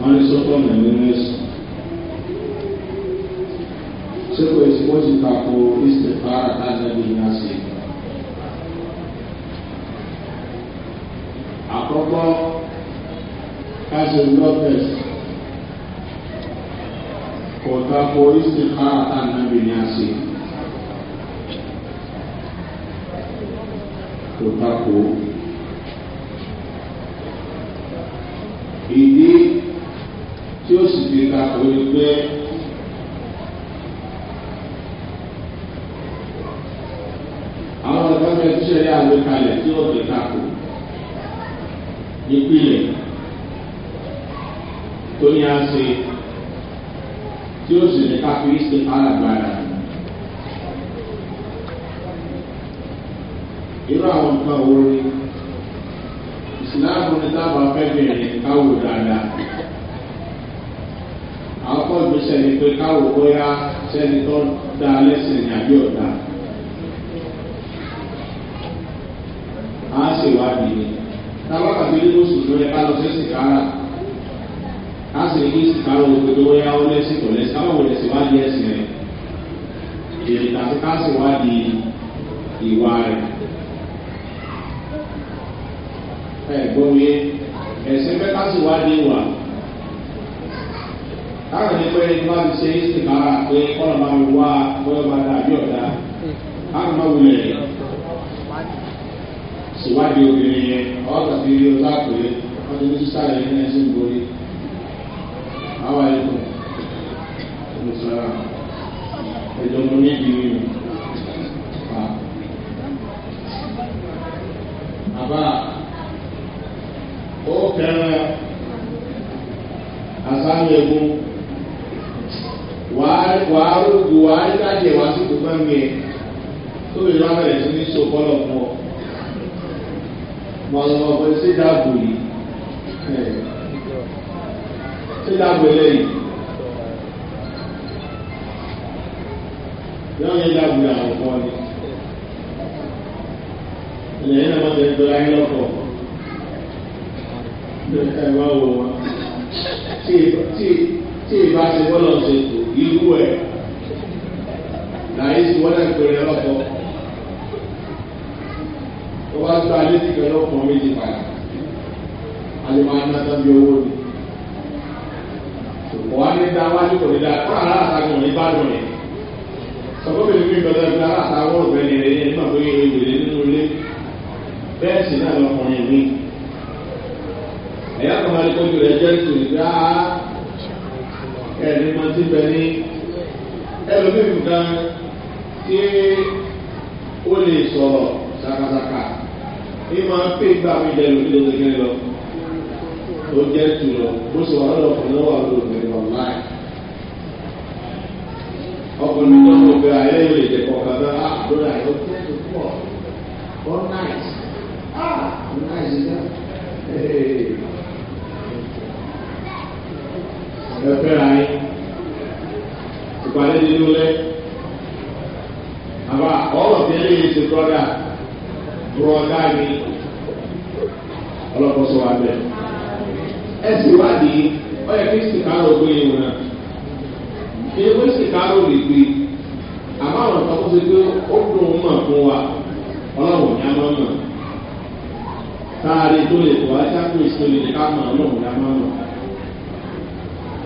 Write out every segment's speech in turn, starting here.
mas wọ́n lè sọ́tọ̀ ọ̀nà nínú ẹ̀sìn. ṣé kò èsì wọ́n ti tako ìsìn fara tájáde ní àṣẹ. àkọ́kọ́ por lọ́pẹ̀s kò tako ìsìn fara tájáde ní àṣẹ. por tako. ẹgbẹ́ àwọn ìgbàgbẹ́ tíṣẹ̀lẹ̀ àgbékalẹ̀ tí ó ti takò ìpìlẹ̀ tó ní a ṣe tí ó sì ní káfíń ṣe alágbára. irú àwọn nǹkan wo ni ìsìláàmù ní táwọn afẹ́bẹ̀rẹ̀ káwò dáadáa sẹ́ni pé káwò bóyá sẹ́ni tó dá lẹ́sìn ní àbí ọ̀dà. a sì wá nìyí táwọn àbílí mùsùlùmí ká lọ sí sìkára a sì ní sìkára òkè tó bóyá ó lẹ́sìn kò lẹ́sìn káwọn òkè sì wá di ẹ̀sìn rẹ̀ èrè tàbí ká sì wá di ìwà rẹ̀. ẹ̀ gbọ́ mi ẹ̀sìn fẹ́ ká sì ìwà rẹ̀ káwọn ní pé bá ti ṣe ìsìn mára pé kọ́nà máa ń wá bọ́yọ̀ bá dà bí ọ̀dà káwọn máa wulẹ̀ ṣèwádìí obìnrin yẹn ọ̀gá bí ọlá pé wọ́n ti ní sísàlẹ̀ yẹn náà ṣe ń borí àwọn ẹ̀kọ́ ìmùsùlùmá ẹ̀jọ̀ mo ní ìdí mi. Àbá ó kẹ́rin àsáyẹ̀gún wà á rògbò wà á jáde wà á sì tó bá ń gbẹ tó lè rán bẹ̀rẹ̀ sí ní so bọ́lọ̀ fún ọ. sí dáàbò yìí. Sí dáàbò eléyìí. Yọ̀ọ́ yẹn dáàbò yà wọ̀ ni. Ilẹ̀ yẹn náà wọ́n ti ń gbọ́dọ̀ ayé lọ́kọ̀ọ́. Ẹ wá wò wá. Tí ì bá ti bọ́lọ̀ ṣe kù irú ẹ̀ láyé tí wọ́n náà pèrè lọ́pọ̀ tó bá gba létí pẹ̀lú ọkùnrin méjì padà alùpàá ní ọjọ́ bí owó ni wọ́n á ní dá wájú kò ní dá kó ara àtàkùn ní bá dùn ní sọfọ́bìnrin mi gbọdọ̀ gba ara àtàkùn ọ̀gbẹ́ ní ẹ̀yẹ nígbà tó yẹ ìwèrè nínú ilé bẹ́ẹ̀ sì náà lọkùnrin mi ẹ̀yà kan máa ní kójú rẹ̀ jẹ́ tòun dáa ẹ̀ẹ́dì máa ti bẹ̀ ní ẹlòmíì nǹkan tí ó lè sọ̀rọ̀ sakasaka ní máa pè gbà mí jẹ́ lórí lórí kí ni lọ tó jẹ́ tù lọ bó ṣe wà lọ́wọ́ fún lọ́wọ́ àwọn obìnrin wọn láì ọkùnrin tó ń gbé ayé lè jẹ kọ̀ọ̀kan náà á lórí ayé ó tẹ́ tó pọ̀ all night ah all night is that. Hey. ẹ̀rọ fẹ́ra yín ìpàdé nínú lẹ àbá ọ̀rọ̀ tí ẹ lè brọ́dà brọ́dà mi ọlọ́pọ̀ wa bẹ́ẹ̀ ẹ sì wádìí ọ yẹ kí sìkárò gbé yẹn wọn kí ewé sìkárò lè gbé ṣe pé ó dùn mọ̀ fún wa ọlọ́run ní a máa mọ̀ tó lè ní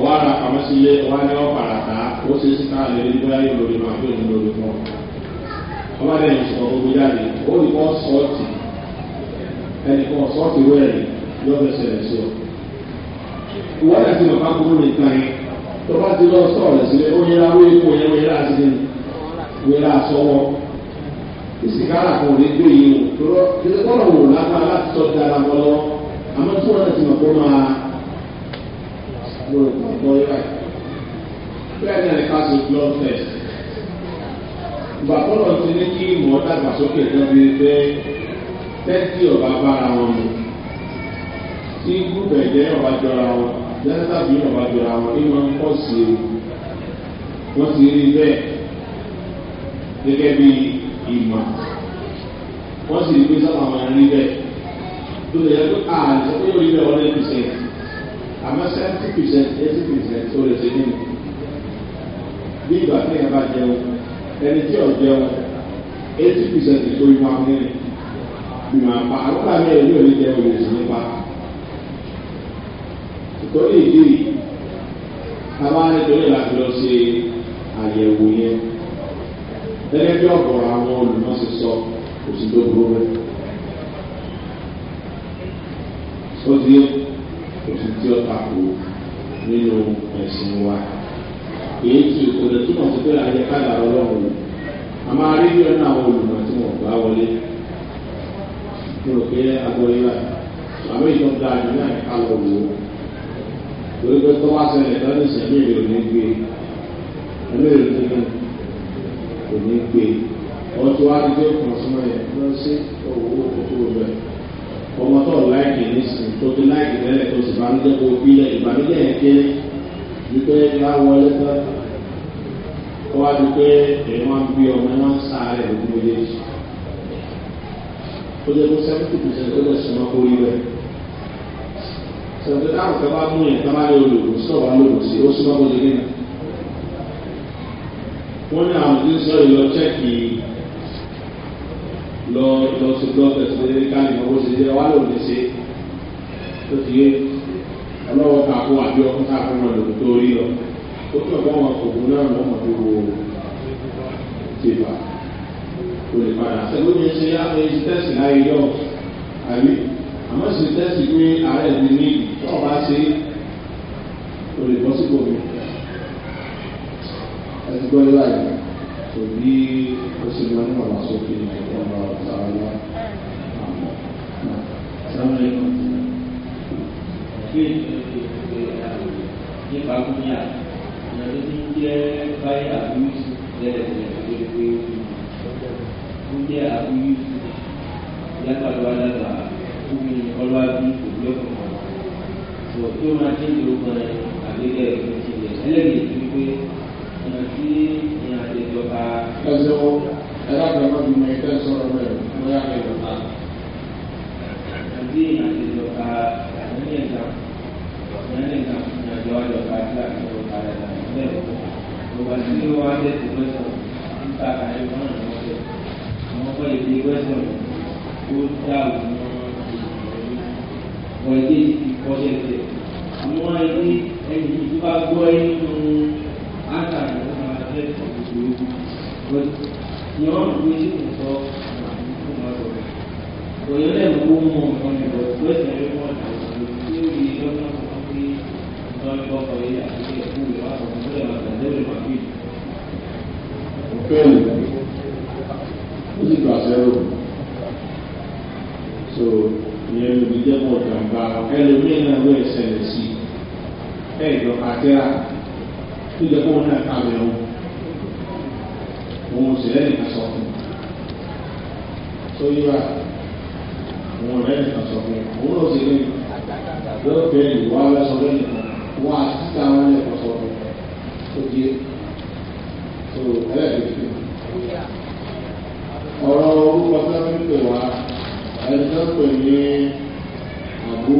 wọ́n ara pamọ́ sí ilé wọ́n á ní ọ̀pá àràtà ó ṣe é sí káà lè rí bóyá yóò lórí máa tó ìlú lórí fún ọ. ọba dẹ̀ ń sọ gbogbo jáde ó ní kọ́ sọ́ọ̀tì ẹnì kan sọ́ọ̀tì wẹ̀rẹ̀ yóò fẹsẹ̀ rẹ̀ sí ọ. ìwọ́n dẹ̀ ti mọ̀ ká kúrò nìkan yẹn tó bá ti lọ sọ̀rọ̀ sílẹ̀ ó yẹra wé epo yẹn wé láti ní wé lásọwọ́ ìsìkára kan ò ní gbé yìí o tó lọ kí ló kọ́ lọ́wọ́ lágbára láti tọ́jú ara wọn lọ àmọ́ tí wọ́n ti mọ̀ kó máa mo rò kò gbọ́ yíra bẹ́ẹ̀ náà ní ká ṣe blood test ìgbà tọ́lọ̀ ti ní kí ìmọ̀ dàgbàsókè náà fi fẹ́ tẹ́tí ọ̀bá bára wọn mu tí gúbẹ̀ jẹ́ ọ̀bá jọra wọn dẹ́sítà bí ọ̀bá jọra wọn ní wọn pọ̀ sí i wọ́n ti rí bẹ́ẹ̀ gẹ́gẹ́ bí ìmọ̀ wọ́n sì rí pé sábà máa rí bẹ́ẹ̀ tó lè yẹ kó àlùfáà yóò rí bẹ́ẹ̀ wọ́n lè fi ṣe àmọ́ seventy percent eighty percent ó lè ṣe nínú bí ìgbà tí èèyàn bá jẹun ẹni tí ò jẹun eighty percent tó yí máa mú ní ìmọ̀ àpá àgbà mi ẹ̀ ní òní jẹun lè ṣe nípa ìtọ́lé ìdí àbá nítorí láti lọ ṣe àyẹ̀wò yẹn gẹ́gẹ́ bí ọ̀gọ̀rọ̀ àwọn olùmọ̀ọ́sẹ̀ sọ òsì tó burú rẹ̀. pé àyẹ̀kádà ọlọ́run ni a máa rí bí ọ̀nà àwọn olùmọ̀ tí wọ́n gbá wọlé mo rò pé agbóyè wa àwọn ìjọ da àdúrà ẹ̀ka lọ wò ó torí pé tó bá sẹlẹ̀ lọ́dún ìṣẹ̀lẹ̀ èrè òní gbé ẹ̀mí èrè tó gbé òní gbé ọtún wá ti dé kàn súnmọ́ yẹn lọ sí owó òkúrò rẹ̀ ọmọ tó láìkì nísìnyí tó ti láìkì tẹ́lẹ̀ tó sì bá ń dẹ́kun ìpínlẹ̀ ìbànújẹ́ yẹn ké wípé láwọlé tán kó wá di pé èyí wọn gbé ọmọ wọn sáré lójú méjèèjì ó jẹ́ kó sẹ́fìtì pìṣẹ́ tó lẹ̀ sọ́mọ́ kó rí rẹ̀ sọ̀tẹ́ táwọn kan bá mú yẹn kan bá lè olùkó sọ̀rọ̀ lòlù sí ó súnmọ́ kó lè wọ́n ní àwọn tí ń sọ ìlọ chẹ́ẹ̀kì lọ lọ sí blọọkẹ̀ sí lé káàdì ọwọ́ sí lé wá lòdì sí ó ti yé ọlọ́wọ́ kàkó àbí ọkùnrin kàkó wọn lòdì tó rí lọ ó kàn bá wọn kò náà wọn mọ̀ bí wo ti bà kò lè padà sẹ́gun ní ṣe yàtọ̀ èyí tẹ̀sí láyé yọ àbí àmọ́ sì tẹ̀sí pé ààrẹ mi ní ọba ṣe kò lè bọ́ sípò mi ẹtì gbọ́ nígbà yìí kò ní oṣù náà ní ọ̀la sókè ní ọ̀la ọ̀la ọ̀la àmọ́ sáwọn ẹ̀kọ́ kí èyí ti ṣe nípa kúnyà ìrìnàjò tí ń jẹ́ báyìí àbúyúsù lẹ́lẹ̀tẹ̀lẹ̀ tó lè pé ó jẹ́ àbúyúsù yàtọ̀ àlọ́ àdàgbà tó ní ọlọ́ àbí òbí ọkùnrin tó kan àgbélẹ̀ ìrìnàjò ẹlẹ́yìn tó pé ọ̀nà tí ìyàn àdéjọba. ẹsẹ̀ wo ẹlẹ́gbẹ̀rún mi mọ ẹgbẹ́ sọ̀rọ̀ rẹ̀ mo yà kẹ́ lọ́ta. àti ìyàn àdéjọba bẹ́ẹ̀ ìgbà tí ó wá dé ti wẹ́sọ̀n nípa àyè fún àwọn ọ̀sẹ̀ àwọn ọkọ̀ lè fi wẹ́sọ̀n ó dá òun wọ ilé ìkọ́ṣẹ́ tẹ̀ àwọn ẹni ẹni tó bá gbọ́ inú àtàlẹ́ fún àwọn abẹ́ ìṣòro ni wọ́n ń gbé ìṣòro sọ fún wọn lọ. òyìnbó lẹ́nu kó mú ọmọ ìbọn tó ẹ̀sẹ̀ rẹ̀ wọ́n àti ìṣòro tí ó yẹ lọ́nà òfẹ́ẹ̀lì ó sì so ìyẹn ló fi jẹ́ mọ̀ jàǹbá ẹlòmíín náà ló ẹ̀sẹ̀lẹ̀ sí ẹ̀ ìjọba tẹ́ra tó jẹ́ kó wọn náà kàwé wọn òun sì lẹ́yìn kan ìwà lọ́sọ lẹ́yìn wọn àti sísá wọn lẹ̀ kọ́sọ́ wọn tó di tó ẹlẹ́dẹ̀ẹ́sì. ọ̀rọ̀ orúkọ sábẹ́ pè wá ẹni tó pè ní àbú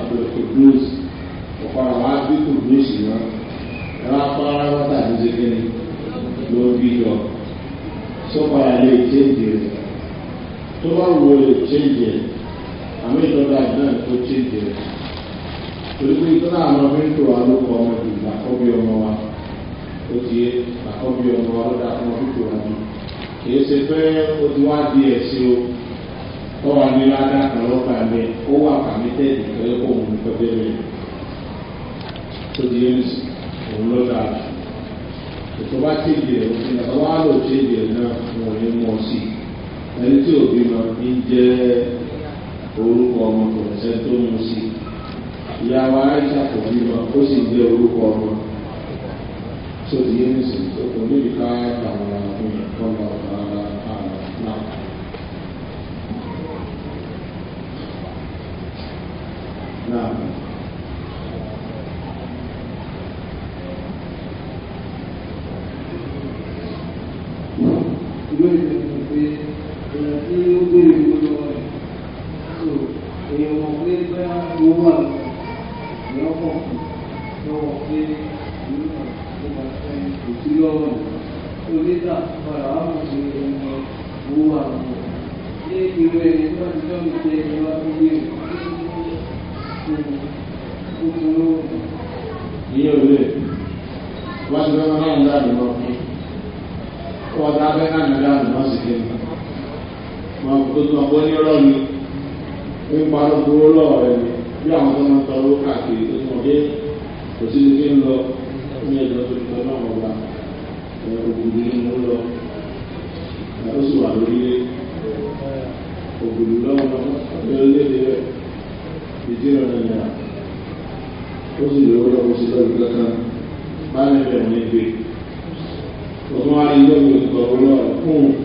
abdulkudus ọ̀pára wa bí kudus náà ẹ̀rọ apára wọn tàbí ṣẹ́gẹ́ni ló ń bí lọ sọ́kọ̀ọ́ lè ṣe ìdí rẹ̀ tó bá wù ú lè ṣe ìdí rẹ̀. nínú àwọn ọmọ ètò wa ló kọ ọmọ ìdí àkọ́bí ọmọ wa ó ti yé àkọ́bí ọmọ wa ló dá fún ọmọ ètò wa ni kìí ṣe pé ó ti wá di ẹ̀sìn o ó wà ní ládà kan lọ́gbà mi ó wà kàmí tẹ́lẹ̀ ìkẹ́lẹ́ kó òun ní kọjá mi ó ti yé òun ló dà ètò bá ti di ẹ̀rọ sí ẹ̀rọ wá lò ti di ẹ̀rọ náà wọn ò ní mọ̀ sí ẹni tí òbí máa ń jẹ́ orúkọ ọmọkùnrin sẹ́ni mú sí i ìyàwó aisha kò ní ma ó sì gbé orúkọ ọmọ tó di yé nísìnyí tó kò ní ìka àwọn ọmọ ìkọlọ ọmọ. sì wà lórí ilé ògùnlù lọ́wọ́ lórílẹ̀-èdè rẹ̀ ìdí ọ̀nà ìyá ó sì lówó lọ́wọ́ sí lọ́dún kankan báyìí rẹ̀ ní gbé òun wá ní lọ́wọ́ ìgbà owó fún un.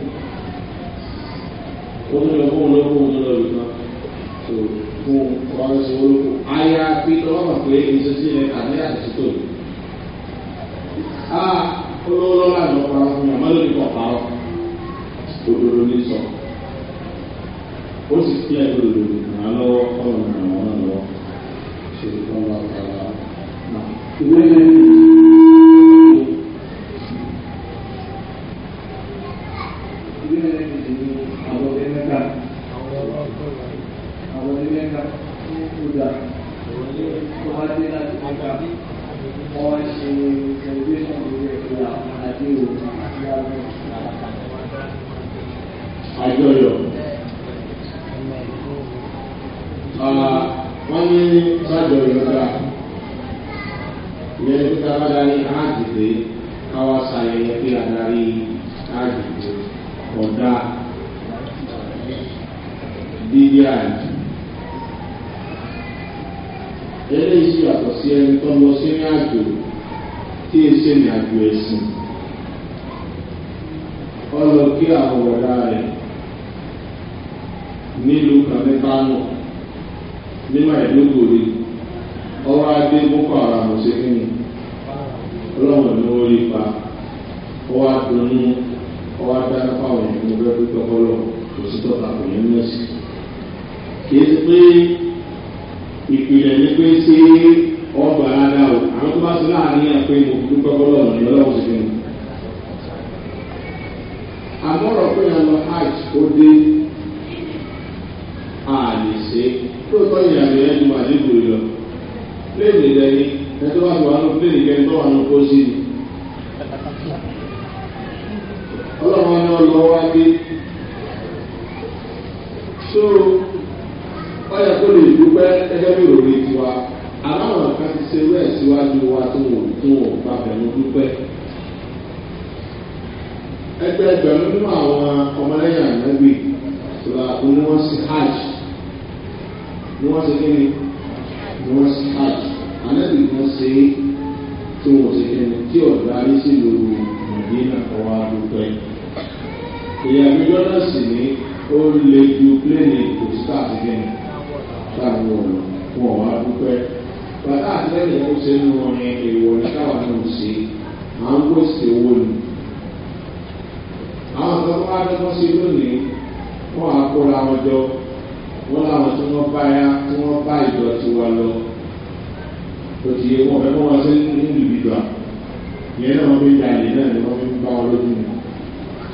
rẹ̀ ní pé ṣé ọgbà rárá o àwọn tó bá sọ láàrin àpé mo kú kọ́kọ́ lọ́wọ́ ṣe fún mi. àmọ́rọ̀ pé ọlọ hajj ó dé ṣe lọ pléènì lẹ́yìn wà tó wà kó sí ọlọ́run ni ọlọ́wọ́ dé. pẹ́ ẹgbẹ́ bí òwe tiwa aláwọn kan ti ṣe wẹ́ẹ̀ síwájú wa tó wò tó wò pa pẹ̀lú dúpẹ́. ẹgbẹ́ ẹgbẹ̀rún nínú àwọn ọmọlẹ́yìn àgbẹ̀gbẹ̀ ìṣura ni wọ́n ṣe hajj ni wọ́n ṣe kíni ni wọ́n ṣe hajj àlẹ́bí kan ṣe tó wò ṣe kíni tí ọ̀dà ayé sì lò ìdínà ọwọ́ dúpẹ́. ìyàgbẹ́jọ́ náà sì ní ó lè ju pléènì kò sí káàkiri náà táwọn ọ̀rọ̀ fún ọ̀wá dúpẹ́ bàtà àtìlẹ́yìn ó ṣe ń wọn èèwọ̀ ní káwọn náà ṣe à ń gbèsè owó ni. àwọn kan bá dọ́gbọ́n sí lónìí wọ́n á kóra wọn jọ wọ́n láwọn tí wọ́n bá yá tí wọ́n bá ìjọ ti wá lọ òtí wọn fẹ́ kọ́ wọn sí nínú ìdìbò ìyẹn náà wọ́n fi da ìyẹn náà ni wọ́n fi bá wọn lójú mi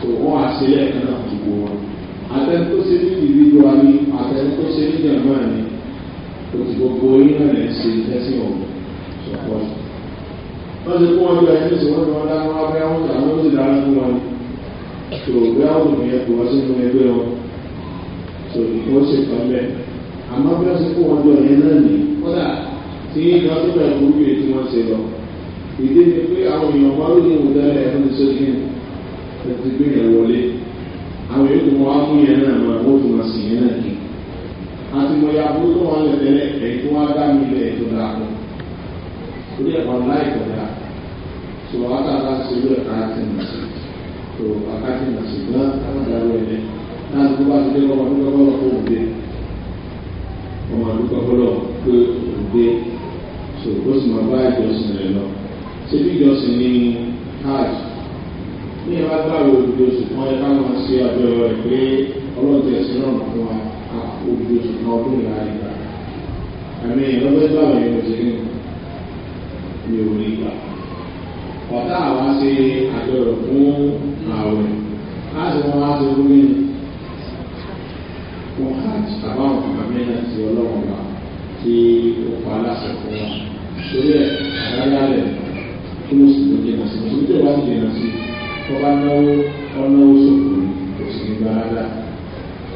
tó wọ́n á ṣe lẹ́ẹ̀kan náà gbogbo wọn àtẹnukó ṣe ní ìdìbò ni òtù gbogbo iná lẹ̀ ń ṣe lẹ́sìn ọ̀gbọ̀n ṣọ̀pọ̀. wọ́n ti kó wọn gba ẹni sọ wọ́n ti wọ́n dá wọn abẹ́ àwọn ọ̀tà àwọn ti dára fún wọn tó gbé àwọn ènìyàn kò wọ́n sínú ẹgbẹ́ wọn tó ìkọ́ ṣe kàn bẹ́ẹ̀. àmọ́ bí wọ́n ti kó wọn jọ yẹn náà ní kódà tí ìgbà tó bẹ̀rẹ̀ burúkú yìí tí ìdí ni pé àwọn èèyàn máa ń lóyún ìdálẹ̀ ẹ̀rọ ní sókè ẹ̀ ti gbé yẹn wọlé àwọn èèyàn tó wọn á yẹn náà máa wọ́n tó máa náà kì àti mo ya burú tó wọn lè tẹlẹ èyí tó wọn dá mi lè tó dà kọ orí ẹ̀kọ́ láì kọjá tó wọn bá bá ṣe lórí ẹ̀ka ti mọ̀ sí tó ẹ̀ka ti mọ̀ sí náà káwọn dàrú ẹ̀ lẹ náà tó bá ti dé ọmọ dúpẹ́ bọ́lọ̀ kó o gbé ọmọ dúpẹ́ bọ́lọ̀ pé o gbé tó o sì máa bá ìjọsìn rẹ lọ ṣé bí ìjọsìn ní hajj ní ìbá gbàgbé òdodo ṣùgbọ́n ẹ ká máa ṣe àjọyọ̀ ẹ̀ pé ọlọ́dẹ ẹ̀sìn náà fún wa gbogbo oṣù kan ọdún ìlà ìgbà àmì ìlọ́gbẹ́ báwọn èèyàn ṣe ń mi ò rí gbà. ọ̀tá àwa ṣe àjọyọ̀ fún ààwẹ̀ láti wọn wá ṣe wúlé wọn hajj àbáwọn àmì àti ọlọ́wọ́n wa tí ó pa aláṣẹ fún wa. torí ẹ̀ àdáyálẹ̀ kí mo sì lóde náà sí mo sì lóde wá sí ìdènà náwó ọ̀nà oṣù kò sí ní gbàrádà.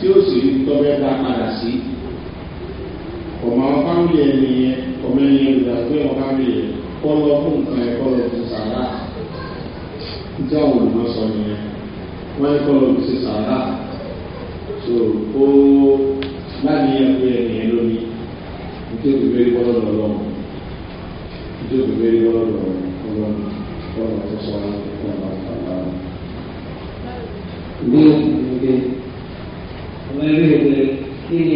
tí ó sì rí tọ́wẹ́ bá padà sí. ọmọ àwọn fámìlì ẹni yẹn ọmọ ẹni yẹn lùdà pé ọmọ fámìlì yẹn kọ́ lọ fún nǹkan ẹ̀ kọ́ lọ fún sàrà. nígbà wo ni wọ́n sọ nìyẹn wọ́n ní kọ́ lọ fún sàrà. so ó láti yẹ pé ẹni yẹn lónìí nítorí bẹ́ẹ̀ wọ́n lọ lọ nítorí bẹ́ẹ̀ wọ́n lọ lọ wọ́n lọ fún sàrà wọ́n lọ fún sàrà. คือที่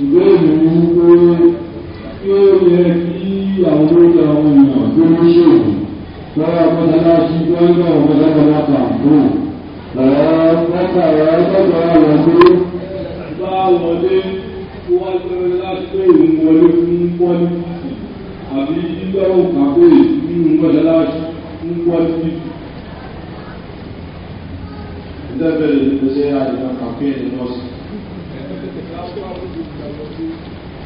ìbéèrè ní pé tí ó yẹ kí àwọn olóògbé àwọn èèyàn tó ń ṣòwò lọ́wọ́ ọ̀pọ̀lọpọ̀ sí lọ́wọ́ ọ̀pọ̀lọpọ̀ pàǹkó ọ̀pọ̀lọpọ̀ ọ̀pọ̀lọpọ̀ wọlé bá wọlé tó wá sọ́rọ́ láti ìwọlé fún pọ́lí àbí gbígbọ́ òkàkó nínú gbọ́dọ̀ láti fún pọ́lí ìdábẹ̀rẹ̀ ìgbésẹ̀ àìsàn kàfíìn lọ́sùn.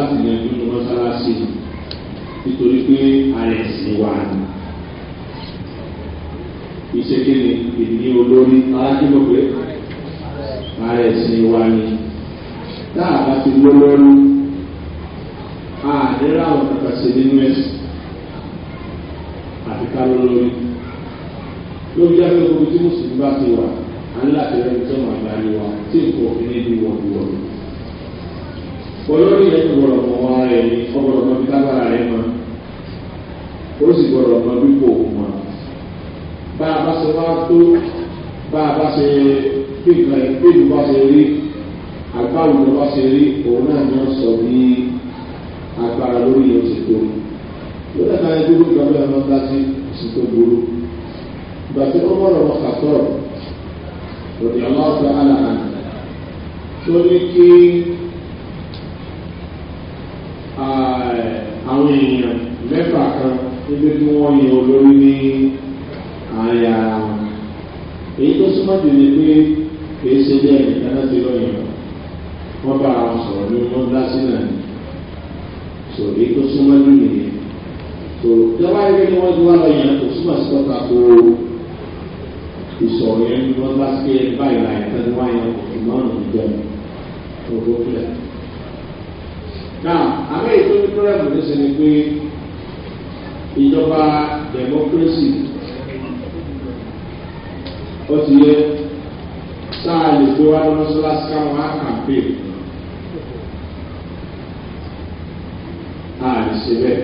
láti lè fi mọ́sálásí nítorí pé àrẹ̀sìn wà ní. ìṣèkéde ìdí olórí alájúmọ̀ pé àrẹ̀sìn wà ní. táà bá ti lọ lọ́rùn àdéhùn àwọn kàkà sí nínú ẹ̀sìn àti ká lọ lórí. lórí yàtọ̀ gbogbo tí mùsùlùmí bá ti wà á ní láti rẹ́ àgbáyé wa tí nǹkan òfin ní ìdíwọ̀n ìwọ̀n olórí yẹn ti gbọdọ̀ mọ wọn rẹ̀ ni ọgbọdọ̀ mọ bíi lágbára rẹ̀ mọ ó sì gbọdọ̀ mọ bíi kò mọ bá a bá ṣe wá tó bá a bá ṣe bí nǹkan bí ìlú bá ṣe rí agbáwo ló bá ṣe rí òun náà ní sọ ní agbára lórí yẹn ti tó lórí ẹ̀ka ẹgbẹ́ gbogbo ìgbà bẹ́ẹ̀ máa ń dá sí ìsìnkú gbòòrò ìgbà tí ó gbọdọ̀ mọ kàtọ́ọ̀ lòdì ọlọ́ọ̀ta àlàkà tó ní kí. àwọn èèyàn mẹ́fà kan níbi tí wọ́n yan olórí ní àyà èyí tó súnmọ́ jù ní pé kìí ṣe bí ẹnì kan láti lọ́yìn wọ́n bá àwọn sọ̀rọ̀ ní wọ́n dá sí náà ni sọ èyí tó súnmọ́ jù nìyẹn tó dábàá yẹn ni wọ́n ti wá lọ́yìn kò súnmọ́ sí tọ́ka kó ìsọ̀rọ̀ yẹn ni wọ́n dá sí báyìí láì tẹ́lẹ̀ wáyé ìmọ̀ràn ìjọba tó gbókè láti náà àmì ètò ní pírẹ́mù ní sẹ́ni pé ìjọba democracy ó ti yẹ sáà lè gbé wá lọ́sọ́lásí káwọn á kàmpé. àìsí bẹ́ẹ̀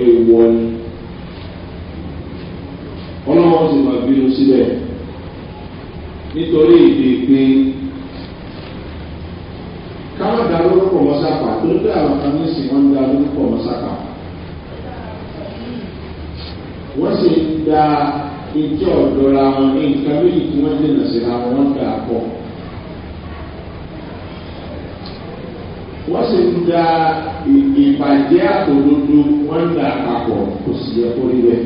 èèwọ̀ ni ọlọ́wọ́ sì máa bínú síbẹ̀ nítorí ìdí pé. pọ̀ mọ́ sápà tó dé àwọn kan ní ìsìn wọn dá lórí pọ̀ mọ́ sápà. wọ́n sì ń da ìjọ ọ̀dọ́ra wọn ní nǹkan méjì tí wọ́n dènà síra wọn wọ́n dà pọ̀. wọ́n sì ń da ìbàjẹ́ àtòdodo wọ́n dà papọ̀ kò sì yẹ kó rí bẹ́ẹ̀.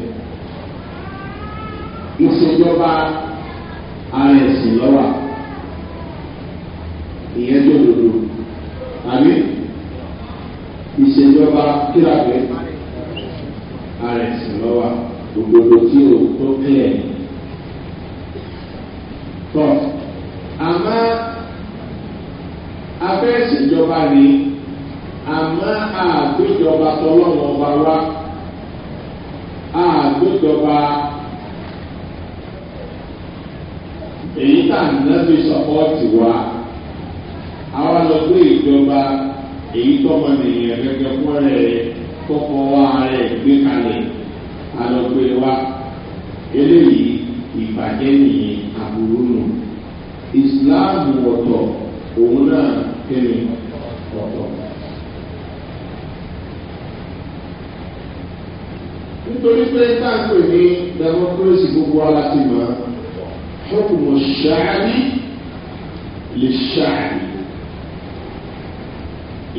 ìṣèjọba ara ẹ̀sìn lọ́wọ́ ìyẹn tó dodo àbí ìṣèjọba kíláàpẹ́ ààrẹ sì lọ́wọ́ òdòdó tí o tó kílẹ̀ tọ́ àmọ́ abẹ́ ìṣèjọba ni àmọ́ àgbéjọba tọlọ́mọ ọba wa àgbéjọba èyí tá à ń lẹ́bi sọ́pọ́ọ̀tì wa lọ gbé ìjọba èyí tọ́mọ nìyẹn gẹ́gẹ́ fún rẹ̀ kọ́kọ́ wá rẹ̀ gbé kalẹ̀ alọ́gbé e wa eléyìí ìbàjẹ́ nìyẹn àbúrò nù ìsìláàmù ọ̀tọ̀ òun náà kẹ́mi ọ̀tọ̀. nítorí pé táàpù ní democracy gbogbo aláti mọ́ ọ́ ṣáàbí lè ṣáàbí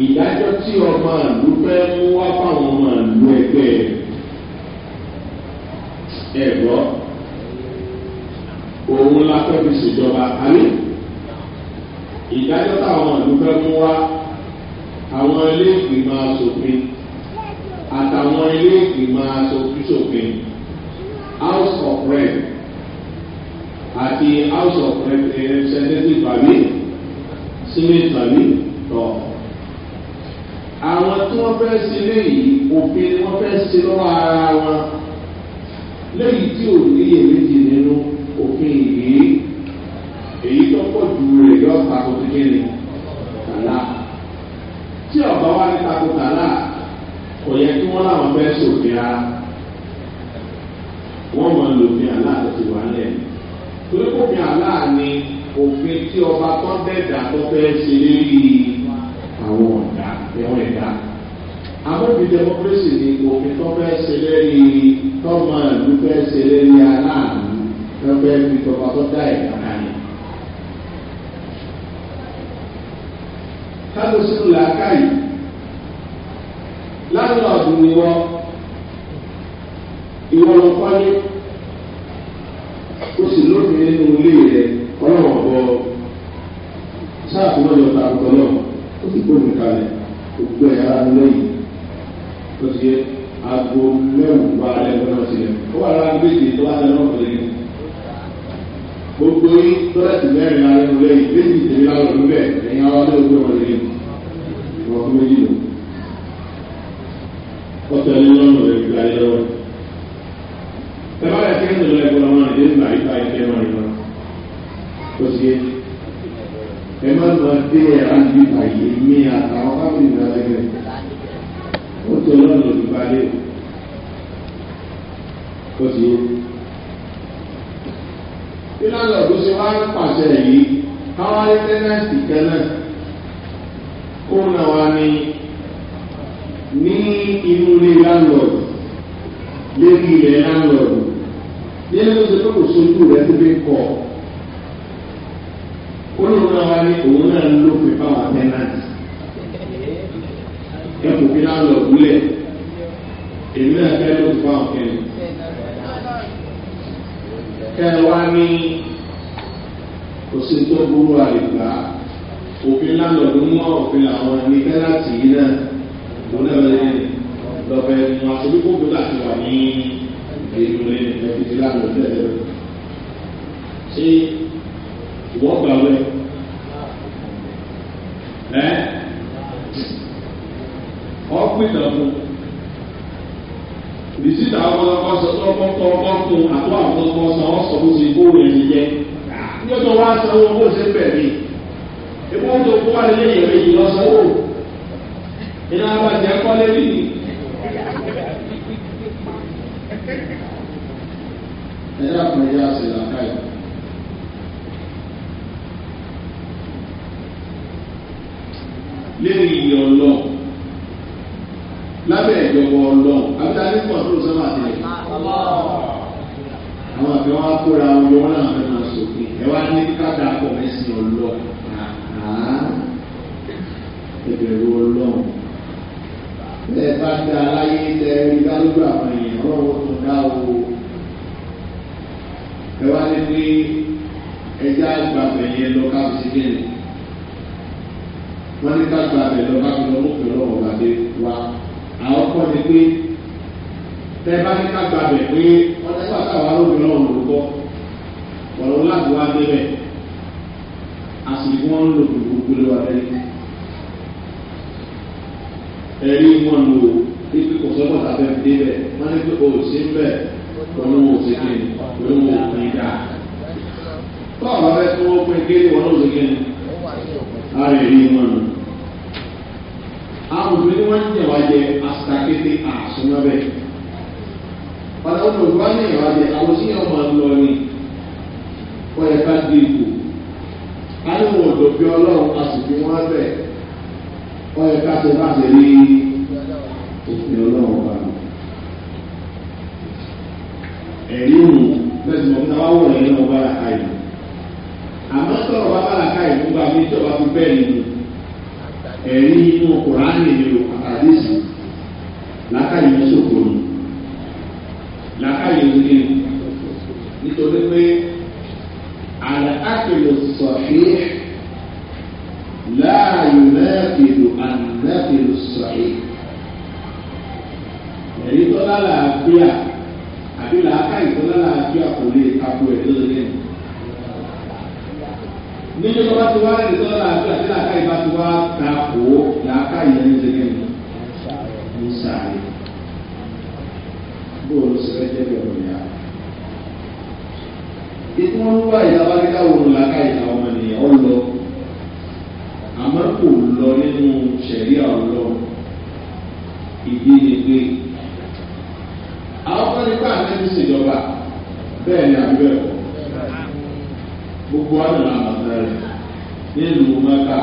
ìdájọ́ tí ọmọ àlú fẹ́ mú wá fáwọn ọmọ àlú ẹgbẹ́ ẹ̀ gbọ́ òun la fẹ́ fi ṣèjọba àmì ìdájọ́ táwọn àlú fẹ́ mú wá àwọn ilé ìgbìmọ̀ asòfin àtàwọn ilé ìgbìmọ̀ asòfin house of rent, àti house of representative tàbí senate tàbí tọ̀ tí wọ́n fẹ́ ṣe léyìí òfin ni wọ́n fẹ́ ṣe lọ́wọ́ ara wọn léyìí tí ò níyè méjì nínú òfin yìí èyí tó pọ̀ ju rẹ̀ yọ tako tó kéde kàlá tí ọ̀bá wa ní tako kàlá kò yẹ kí wọ́n láwọn fẹ́ ṣòfin ara wọ́n mọ̀ lòfin aláàtọ̀ ti wà lẹ́yìn torí òfin aláàní òfin tí ọba tó dẹ̀dà tó fẹ́ ṣe lérí àwọn ọ̀dà ẹ̀wọ̀n ẹ̀dá òfin democracy ni òfin tó fẹ́ ṣe lẹ́rí tọ́mọ ìlú fẹ́ ṣe lẹ́rí aláàánú tó fẹ́ fi tọba tó dá ẹ̀ka kalẹ̀. káàdó sínú làákàyè láwọn ọ̀dùn ni wọ́n ìwọ lọ pálí ó sì lóde nínú ilé rẹ ọlọ́wọ́ bọ́ sáà tó lọ́jọ́ ta ọ̀tọ̀ náà ó sì gbóhùn kalẹ̀ gbogbo ẹ̀ ara lẹ́yìn jẹ́ aago mẹ́wàá lẹ́gbẹ́ náà ti rẹ̀ ó wà lára méjì tó wá sẹ́nu ọ̀pọ̀ lẹ́yìn. gbogbo yín tọ́lẹ̀tì mẹ́rin ara ẹnu lẹ́yìn méjì tèmi láwọn ọdún bẹ́ẹ̀ ẹ̀yin àwọn ọdún ọdún ọdún lẹ́yìn ìwọ̀n fún méjì lọ. ọ̀tọ̀ ẹni lọ́nà rẹ̀ gbà yẹ lọ́wọ́. ẹ bá yà kẹ́hìn lọ ẹ̀kọ́ lọ́wọ́ rẹ̀ nígbà yípa ẹ̀kẹ́ mọ̀ ẹ̀ má ó ti yé. bí lálẹ́ ọ̀dọ́ ṣe wá pàṣẹ yìí káwá ní tẹ́lẹ̀sì kẹ́lẹ̀ kó náà wá ní ní inú ilé lálọ́ọ̀dù lérí ilẹ̀ lálọ́ọ̀dù ní ẹni tó ṣe tó kò sojú rẹ̀ tó fi kọ̀ ó lóun náà wá ní òun náà ń lópin fáwọn tẹ́lẹ̀sì ẹ̀kọ́ fi lálọ́ọ̀dù lẹ̀ èmi náà fẹ́ lópin fáwọn tẹ́lẹ̀sì kẹ wá ní òsì tó burú àlùbá òfin lánàá mọ òfin àwọn ẹni tẹ láti yí náà lọ́nà lẹ́yìn lọ́fẹ́ mọ àtúbí kókó láti wà ní èyí lẹ́yìn ẹ̀fí ti lánàá tẹ̀lé ṣé ìwọ́n gbà wẹ̀ ẹ́ ọ́ pín ìdàgbò bìsítà àwọn ọkọ̀ ọkọ̀ àtọ́ àwọn ọkọ̀ san ọ̀sán ló ti kó ẹni yẹ. níjọ́ wá san owó bó ṣe bẹ̀ mí. epo ń tó kó wá lé lẹ́yìn rẹ̀ yìí lọ́sàn ó. iná abàjẹ́ kọ́lé rí. ẹ̀yà kan yá sí làkàyè. lẹ́yìn ìyọ̀ lọ lábẹ́ ìjọba ọlọ́run abíta ní kọ̀ọ̀tún sábà tẹ̀lé. àwọn àfi wọn kóra wọn lọ wọn náà fẹ́ máa sòfin ẹ wá ní káàdà pọ̀ mẹ́sìn ọlọ́run. ìbẹ̀rù ọlọ́run bẹ́ẹ̀ bá dá aláyé tẹ ìdádójú àwọn èèyàn ọlọ́run tó dá o. ẹ wá ní pé ẹja àgbàgbẹ̀ yẹn lọ káfíńsì bẹ́ẹ̀ wọ́n ní ká gba àbẹ̀ bá fi lọ́wọ́ pẹ̀lú ọ̀gá dé wá àwọn kọ́ ni pé tẹ bá ní ká gba bẹ̀ pé ọlọ́pàá sáwà lóbi náà lórúkọ ọ̀rọ̀ láti wá débẹ̀ àsìkò wọn ń lò gbogbo lọ́wọ́ abẹ́lé ẹ̀rí wọn lò ibi kò sọ́kọ̀ tàbí débẹ̀ wọ́n ní pé òsì ń bẹ̀ pẹ̀lú òsì kìíní pẹ̀lú òpin dà tọ́ọ̀ bá fẹ́ tí wọ́n pín kéde wọn lóṣèké ni a rẹ̀ rí wọn lò àwọn obìnrin wọn ń jẹ wá jẹ asitakété àsúná bẹ́ẹ̀ pàtàkì ọ̀dọ̀ ìwà ní ìwà jẹ àwọn tí yẹn máa ń lọ ní wọ́n yẹ ká dé ipò aláwọ̀ ọ̀dọ̀ bí ọlọ́run a sì fi wọ́n bẹ̀ wọ́n yẹ ká tó bá tẹ̀ lé òfin ọlọ́run bá mi. ẹ̀rí mu bẹ́ẹ̀ mọ̀ nígbà wọ́n wọ̀ ẹ̀yìn ọba àkàyè àmọ́ sọ̀rọ̀ bàbá àkàyè nígbà mi tí ọba bẹ́ẹ̀ nínú ẹ̀rí inú kùránì ni o àtàdésì lákàyè oṣooṣù ni lákàyè oṣooṣù nítorí pé àlàákìlò sọ̀fẹ́ láàyò lẹ́ẹ̀kìlò àlàákìlò sọ̀fẹ́ ẹ̀rí tó lálàáfíà àbí làákàyè tó lálàáfíà kò lè takò ẹ̀ lórí níjọ́ tó bá ti wá ẹ̀rí tó lọ́la àti àti làákà ìbá ti wá ta kó làákà ìyẹn ń segin ní sáré bóòlù sí fẹ́ jẹ́ bí ọmọ ìyá. Ìtú wọn wá ìyàwó akẹ́kẹ́ àwòrán làákà ìyá ọmọ nìyẹn ọ lọ àmọ́ kò lọ nínú sẹ̀ríà ọlọ́ ìdí ni pé àwọn kan nípa àti ẹni ṣèjọba bẹ́ẹ̀ ni àbí bẹ́ẹ̀ gbogbo àdùnnà àmọ̀tẹ́ rẹ̀ nílùú mẹ́ta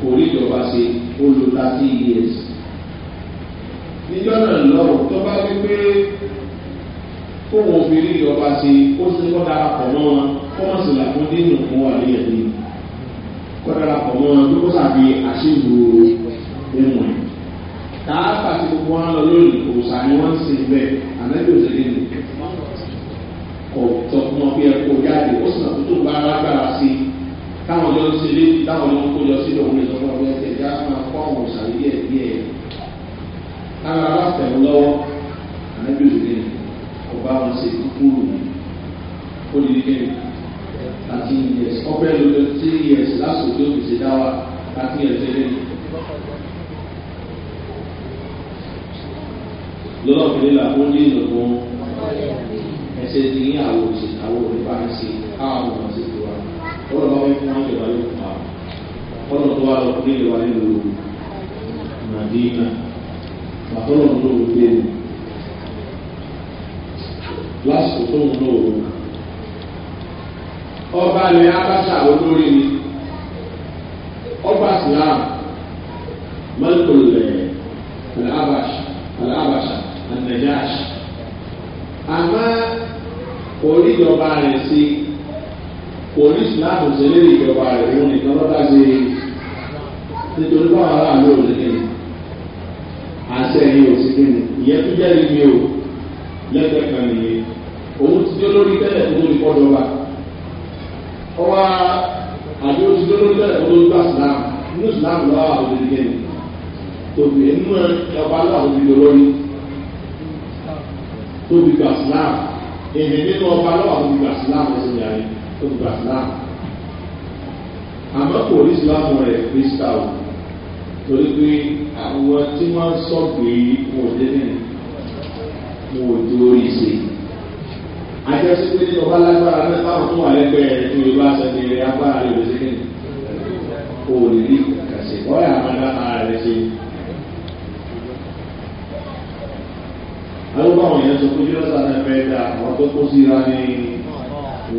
kò rí ìjọba ṣe ó lo thirty years níjọ́ náà lọ́rùn tó bá wí pé kóhun obìnrin ìjọba ṣe ó ti kọ́ darapọ̀ mọ́ wọn kọ́mọ̀sì làkún dínú fún wa ní ẹ̀dín kọ́ darapọ̀ mọ́ wọn lókọ́ sàbí àṣìlú ìmọ̀ tààtà tí gbogbo wọn lọ lórí òòsàn ni wọ́n ń sìn bẹ́ẹ̀ àmẹ́bí òṣèlú pé ẹkọ jáde ó sì náà tó bá alágbára sí i táwọn ọjọ́ ń ṣeré táwọn ọjọ́ ń kó lọ sílẹ̀ òun ìjọba ọjọ́ ẹsẹ̀ ìjà máa kọ́ àwọn òṣàlẹ̀ díẹ̀ díẹ̀. ara aláfẹ̀mú lọ́wọ́ ànábì òṣèré ọba wọn ṣe kúkú ó lè dé àti yẹs ọpẹ lóde tí yẹs lásìkò tó fi dáwà àti yẹs ẹlẹ́ lọ́lọ́ọ̀kẹ́lẹ́ làwọn ó ẹsẹ̀ ti ní àwọn òṣè àwọn ònípa ń ṣe káwọn ọmọ sí ti wá ọlọ́ bá wọ́n fún wọn jọba ló fún wa ọlọ́ tó wá lọ fún ilé wa nínú màdínà màtọ́lọ̀ ń lò wọlé mi lásìkò tó ń lò wọlé ọba ni abasa olórí ni ọba silam mẹlẹkọlẹ alabasa alabasa anajash àmọ́ kò rí ìjọba rẹ̀ sí kò rí ìsìláàmù sílẹ̀ ìjọba rẹ̀ òun nìkan lọ́dá sí nítorí báwọn aráàlú ò ní kíni àṣẹ yìí ò sí kíni ìyẹn tó jẹ́ ibi o lẹ́gbẹ̀ẹ́ kan nìyẹn òun ti dé lórí tẹ́lẹ̀ tó lórí kọ́jọba ọwọ́ àbí òun ti dé lórí tẹ́lẹ̀ tó lórí gbà inú síláàmù lọ́wọ́ àwọn òbí kíni tòbí inú ọba lọ́wọ́ àwọn òbí lórí tóbi gbà èdè nínú ọba lọ́wọ́ àwọn olùgbà síláàmù ẹ̀sìn ìyá rẹ̀ olùgbà síláàmù àmọ́ kò rí síláàmù rẹ̀ kristal torí pé àwọn tí wọ́n ń sọ pé wọn ò dé nínú wọn ò dúró rí sí i àjọṣe pé nínú ọba lágbára náà táwọn tó wà lẹ́gbẹ̀ẹ́ tó lè bá ní agbára rẹ̀ lọ́sẹ̀kẹ̀ kò rí rí kàṣẹ wọ́n yà máa dá ara rẹ̀ ṣe. àwọn báwọn yẹn sọ pé jọ́sà náà fẹ́ da àwọn tó kó síra ní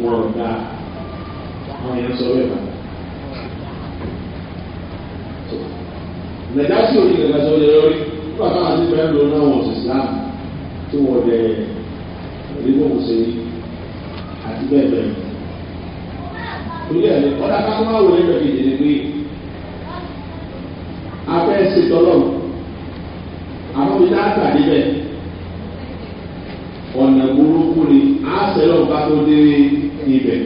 wọn da àwọn yẹn sọ bẹ́ẹ̀ bàtà. Nàìjíríà sì ò ní kẹ̀kẹ́ sọ lé lórí nígbà táwọn àti bẹ́ẹ̀ lò náà wọ̀n sì Islam tí wọ́n dẹ̀ ẹ̀rígbọ̀n ṣe àti bẹ́ẹ̀ bẹ́ẹ̀. Olú ẹ̀rí ọ̀dà ọ̀nà burúkú ni àṣẹlọ̀ bá tó dé ibẹ̀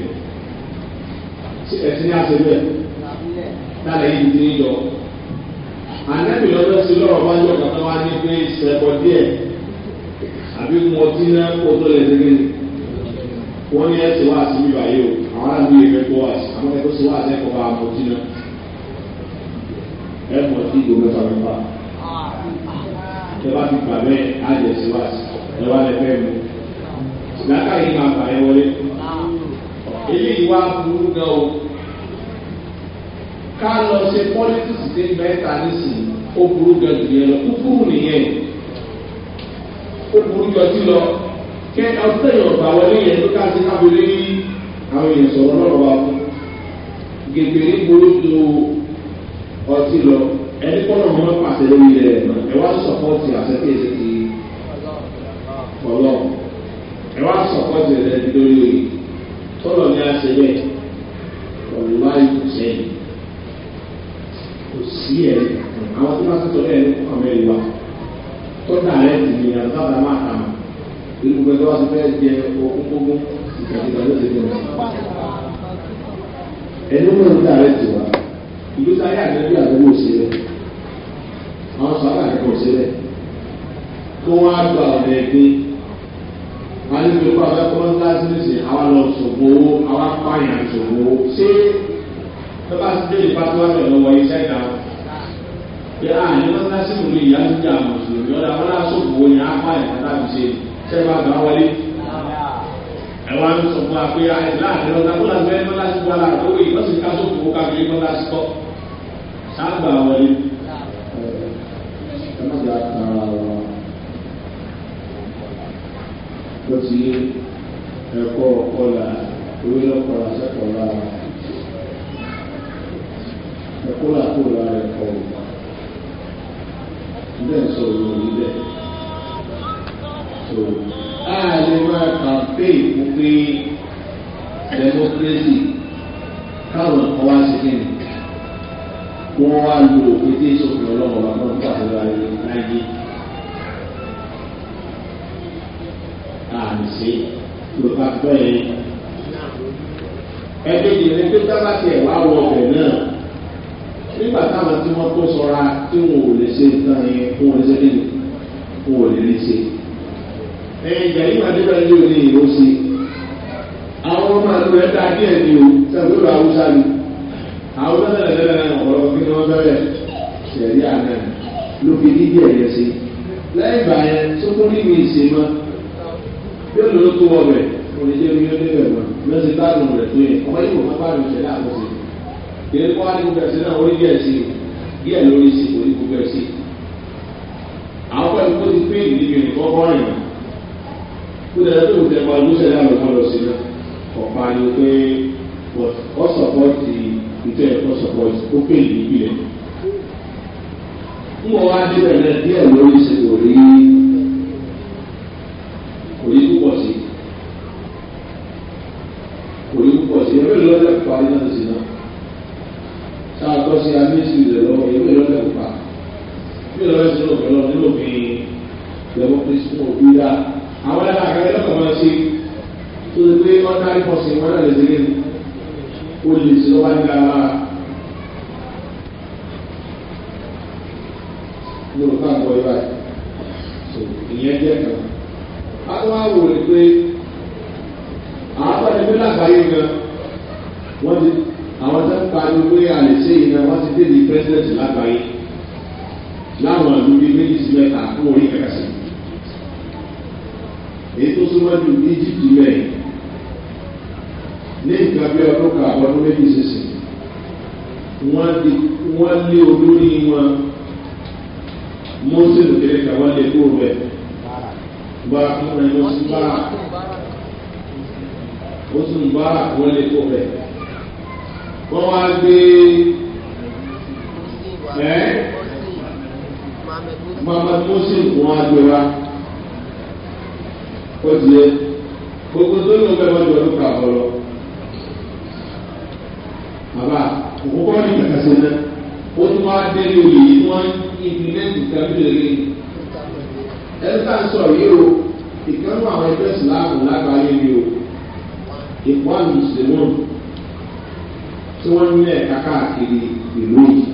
ẹ̀sìn ní àṣẹbẹ̀ tálẹ̀ yìí ti ń yọ. ànábì lọ́dọ̀ sí lọ́rọ̀ bá yọ kàtà wá ní pé ìṣẹ̀kọ̀ díẹ̀ àbí mo ti ná kó tó lè dégé ni. wọ́n ní ẹ̀sìn wá sí bíbá yìí o àwọn àbí ìfẹ́ kó wá sí àwọn ẹ̀kọ́ sí wá sí ẹ̀kọ́ bá mo ti ná. ẹ̀kọ́ sí ìdòwò mẹ́fà mẹ́fà. ẹ bá ti gbà bẹ́ẹ̀ á jẹ̀ sí lọ́wọ́ lẹ fẹ́ mu láká yìí máa fà yẹn wọlé ilé ìwà burú gan o ká lọ ṣe pọ́lítíìsì tí mẹ́ta nísìnyí ó burú gan jù yẹn lọ kúkúrú nìyẹn ó burú jọjú lọ kẹ ọtí yẹn ọgbà wọlé yẹn ló ká sí kábílẹ̀ yìí àwọn èèyàn sọ̀rọ̀ lọ́rọ̀ wa fún gègèrè gbòòrò tó ọtí lọ ẹni kọ́nà wọn pàṣẹ lórí ilẹ̀ ẹ̀ wá sọ̀pọ̀tì àṣẹ kéèsì ọ̀sẹ̀ rẹ̀ ti lórí òye tọ́lọ̀ ní àṣẹyẹ ọ̀lá ìjẹ́ kò sí ẹ̀ àwọn tí wọ́n ti tọ́lẹ̀ ẹ̀ lọ́kọ̀ mẹ́rin wa tọ́lá rẹ̀ ti ní àgbàdà máa kà mọ́ nínú pẹ̀lú wọ́n ti fẹ́ jẹ ogún gbogbo ìgbàgbọ́ ló ti dùn. ẹni wọ́n ti dàrẹ́ ti wá ìlú táyà àgbẹ̀bí àdúgbò sílẹ̀ àwọn sábà àdúgbò sílẹ̀ kó wọ́n á gba ọ̀nà ẹ̀gbin mọ́sálásí nìsín àwa lọ sògbó owó àwa pààyàn sògbó owó ṣé bàbá sílẹ̀ ìfásitì lọ́wọ́ iṣẹ́ ìdá pé à ní mọ́sálásí mi ní ìyá ìjà mùsùlùmí ọ̀dà wọn á sògbó owó ni á pààyàn kátà fi ṣe ṣẹ́ bá gbà wọlé. ẹ wá ń sọ fún wa pé láàrin ah, ọ̀dà kó làbẹ́ mọ́sálásí wà láàrin owó ìfọ́sìn ká sògbó káfíńé mọ́sálásí kọ́ sáàgbà wọlé ló ẹ̀kọ́ ọ̀kọ́là orílẹ̀-ọ̀kọ́là sẹ́kọ̀ọ́lá ẹ̀kọ́ làkúrò lára ẹ̀kọ́ ọ̀gbà bẹ́ẹ̀ sọ̀rọ̀ òní bẹ́ẹ̀ sọ̀rọ̀ a lè máa kàmpé ìpínpé democracy káwọn ọkọ̀ wá sí kí ni wọ́n wá lu òfin tí ìṣòfin ọlọ́run wa náà gbà lọ́wọ́ ayé láyé àmì sí i lọ́ta gbọ́ yẹn. ẹ̀ẹ́dẹ́gbẹ̀ẹ́ ni pé tábà tiẹ̀ wá wọ ọbẹ̀ náà nígbà táwọn tí wọ́n tó sọra tí wọn ò lè ṣe nǹkan yẹn fún wọn ṣe kí ni wọn ò lè lè ṣe. ẹ̀yìn ìgbà yìí máa débẹ̀ lé òní ìlú sí i. àwọn ọmọ àlùbẹ̀ dá díẹ̀ ni o sàgbéwò haúsá ni àwọn ọlọ́dẹ̀lẹ́dẹ̀ ọ̀rọ̀ kí ni wọ́n bẹ̀rẹ̀ ṣẹ̀rí àná ló fi dídí ẹ̀yẹ sí lẹ́yìn ìgbà yẹn tó tó ní yóò lọ kó wọ bẹ̀ oníṣẹ́ mi yóò débẹ̀ mọ́ mẹ́sì gbádùn rẹ̀ pé ọmọ yìí kò má gbádùn ìṣẹ̀lẹ̀ àkọsí kí ló wá ní gbogbo ẹ̀sìn náà orí díẹ̀ sí díẹ̀ lórí sí orí gbogbo ẹ̀sìn. àwọn pẹ̀lú kó ti pé ìdíbi nìkan kọ́ rìn kó dẹ̀ tó tẹ̀ pa lóṣẹ̀ láàrú kan lọ sí náà ọ̀pá ni pé ọ̀sọ̀pọ̀tì ìtẹ̀ ọ̀sọ̀pọ̀tì ó pè ní ìbílẹ̀. ń wọ wá àti àmì ìsìn wọ́n lé olórí wọn mọ́sílù kéré kan wọ́n lé kúrò bẹ́ẹ̀ bá a fún ẹni mọ́sí bára ó sì ń bára wọ́n lé kúrò bẹ́ẹ̀ wọ́n wá gbé ẹ́ muhammed mọ́sílù wọ́n á gbé wa ó ti yẹ gbogbo tó ń lọ bẹ́ẹ̀ wọ́n jọ ló kà bọ́ lọ. Bàbá òun kọ́ ní ìgbà ṣe náà ó tún wá dé ní oyè yìí wọ́n ìpínlẹ̀tì kábílẹ̀ rẹ̀ ẹ̀ńtà ń sọ̀rọ̀ yìí o ìkànnì àwọn ẹgbẹ́ ìsìláàmù lágbàáyé ni o ìpò àlùsèwọ̀n tí wọ́n ní ẹ̀ka káàkiri ìlú yìí